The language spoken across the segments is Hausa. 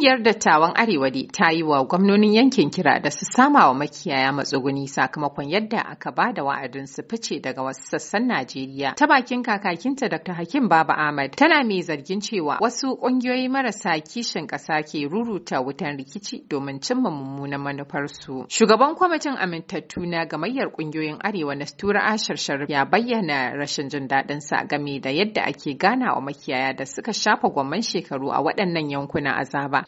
Ƙungiyar dattawan Arewa Arewadi ta yi wa gwamnonin yankin kira da su sama wa makiyaya matsuguni sakamakon yadda aka ba da wa'adin su fice daga wasu sassan Najeriya. Ta bakin kakakinta Dr. Hakim Baba Ahmad tana mai zargin cewa wasu ƙungiyoyi marasa kishin ƙasa ke ruruta wutan rikici domin cimma mummunan manufarsu. Shugaban kwamitin amintattu na gamayyar ƙungiyoyin Arewa na Tura Ashar Sharif ya bayyana rashin jin daɗin sa game da yadda ake gana wa makiyaya da suka shafa gwamman shekaru a waɗannan yankuna azaba.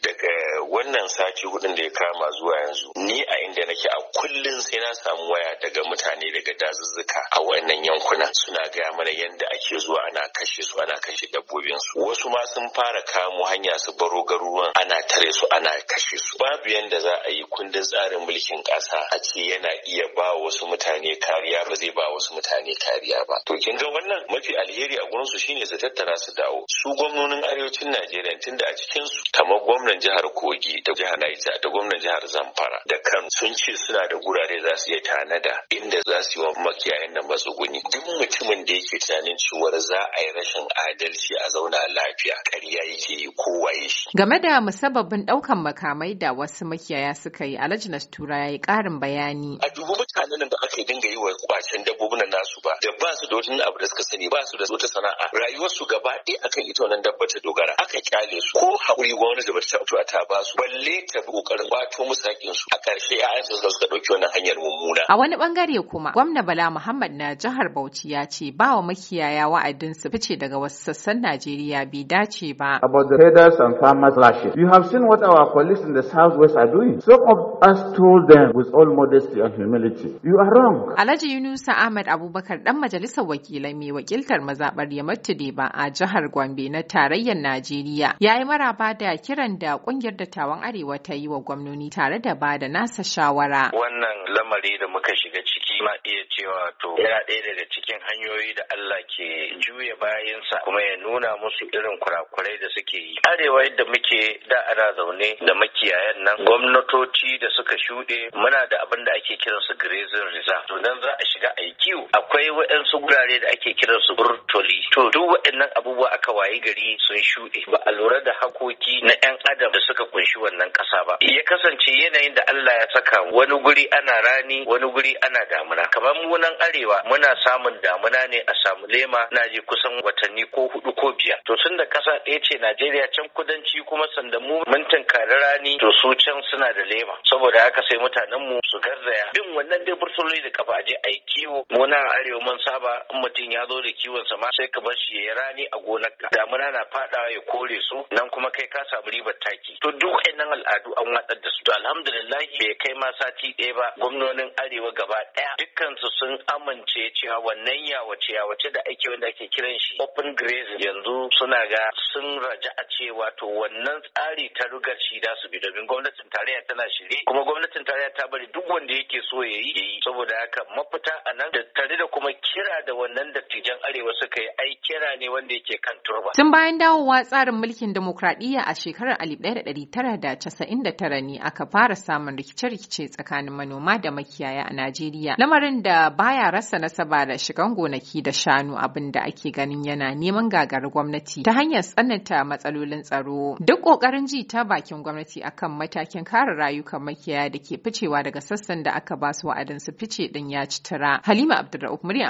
wannan sati hudun da ya kama zuwa yanzu ni a inda nake a kullum sai na samu waya daga mutane daga dazuzzuka a wannan yankuna suna gaya mana yadda ake zuwa ana kashe su ana kashe dabbobin su wasu ma sun fara kamo hanya su baro garuruwan ana tare su ana kashe su babu yadda za a yi kundin tsarin mulkin kasa a ce yana iya ba wasu mutane kariya ba zai ba wasu mutane kariya ba to kin ga wannan mafi alheri a gurin su shine su tattara su dawo su gwamnonin arewacin Najeriya tunda a cikin su kamar gwamnan jihar Kogi da jihar Niger da gwamnan jihar Zamfara da kan sun ce suna da gurare za su iya tanada inda za su yi wa makiyayan nan matsuguni duk mutumin da yake tunanin cewar za a yi rashin adalci a zauna lafiya ƙarya yake yi ko waye shi. Game da musabbabin ɗaukan makamai da wasu makiyaya suka yi Alhaji Tura ya yi ƙarin bayani. A dubu mutanen da aka dinga yi wa kwacen dabbobin nasu ba da ba su da wata abu da suka sani ba su da wata sana'a rayuwarsu gaba ɗaya akan ita wannan dabba ta dogara. kyale su ko haƙuri gwamnati da bata ta ta ba su balle ta bi ƙoƙarin kwato musu su a ƙarshe ƴaƴan su suka ɗauki wannan hanyar mummuna. A wani ɓangare kuma gwamna Bala Muhammad na jihar Bauchi ya ce ba wa makiyaya wa'adin su fice daga wasu sassan Najeriya bai dace ba. About the herders and farmers lashes. You have seen what our colleagues in the southwest are doing. Some of us told them with all modesty and humility, you are wrong. Alhaji Yunusa Ahmad Abubakar dan majalisar wakilai mai wakiltar mazaɓar Yamatu ba a jihar Gombe na tarayyar Najeriya. jam'iyya ya yi maraba da kiran da kungiyar dattawan arewa ta yi wa gwamnoni tare da ba da nasa shawara wannan lamari da muka shiga ciki ma iya cewa to yana ɗaya daga cikin hanyoyi da Allah ke juya bayansa kuma ya nuna musu irin kurakurai da suke yi arewa yadda muke da ana zaune da makiyayan nan gwamnatoci da suka shuɗe muna da abin da ake kiransu grazing reserve to nan za a shiga a yi kiwo akwai waɗansu gurare da ake kiransu burtoli to duk waɗannan abubuwa aka wayi gari sun shuɗe ba a lura da hakoki na 'yan adam da suka kunshi wannan ƙasa ba ya kasance yanayin da Allah ya saka wani guri ana rani wani guri ana damuna kamar mu nan arewa muna samun damuna ne a samu lema na je kusan watanni ko hudu ko biyar to tun da ƙasa ɗaya ce Najeriya can kudanci kuma sanda mu mun tunkari rani to su can suna da lema saboda haka sai mutanen mu su garzaya bin wannan dai bursuloli da kafa aje a yi kiwo mu arewa mun saba in mutum ya zo da kiwon sa sai ka bar shi ya rani a gonar ka damuna na fadawa ya kore cire su nan kuma kai ka samu ribar taki to duk waɗannan al'adu an watsar da su to alhamdulillah bai kai ma sati ɗaya ba gwamnonin arewa gaba ɗaya dukkansu sun amince cewa wannan yawace yawace da ake wanda ake kiran shi open grazing yanzu suna ga sun raja a cewa to wannan tsari ta rugar shi da su bi domin gwamnatin tarayya tana shirye kuma gwamnatin tarayya ta bari duk wanda yake so ya yi saboda haka mafita a nan da tare da kuma kira da wannan dattijan arewa suka yi ai kira ne wanda yake kan turba. Tun bayan dawowa tsarin mulkin demokradiyya a shekarar 1999 ne aka fara samun rikice-rikice tsakanin manoma da makiyaya a Najeriya. Lamarin da baya rasa nasaba da shigan gonaki da shanu abin da ake ganin yana neman gagarar gwamnati ta hanyar tsananta matsalolin tsaro. Duk kokarin ji ta bakin gwamnati akan matakin kare rayukan makiyaya da ke ficewa daga sassan da aka ba su wa'adin su fice din ya ci tura. Halima Abdulrahman murya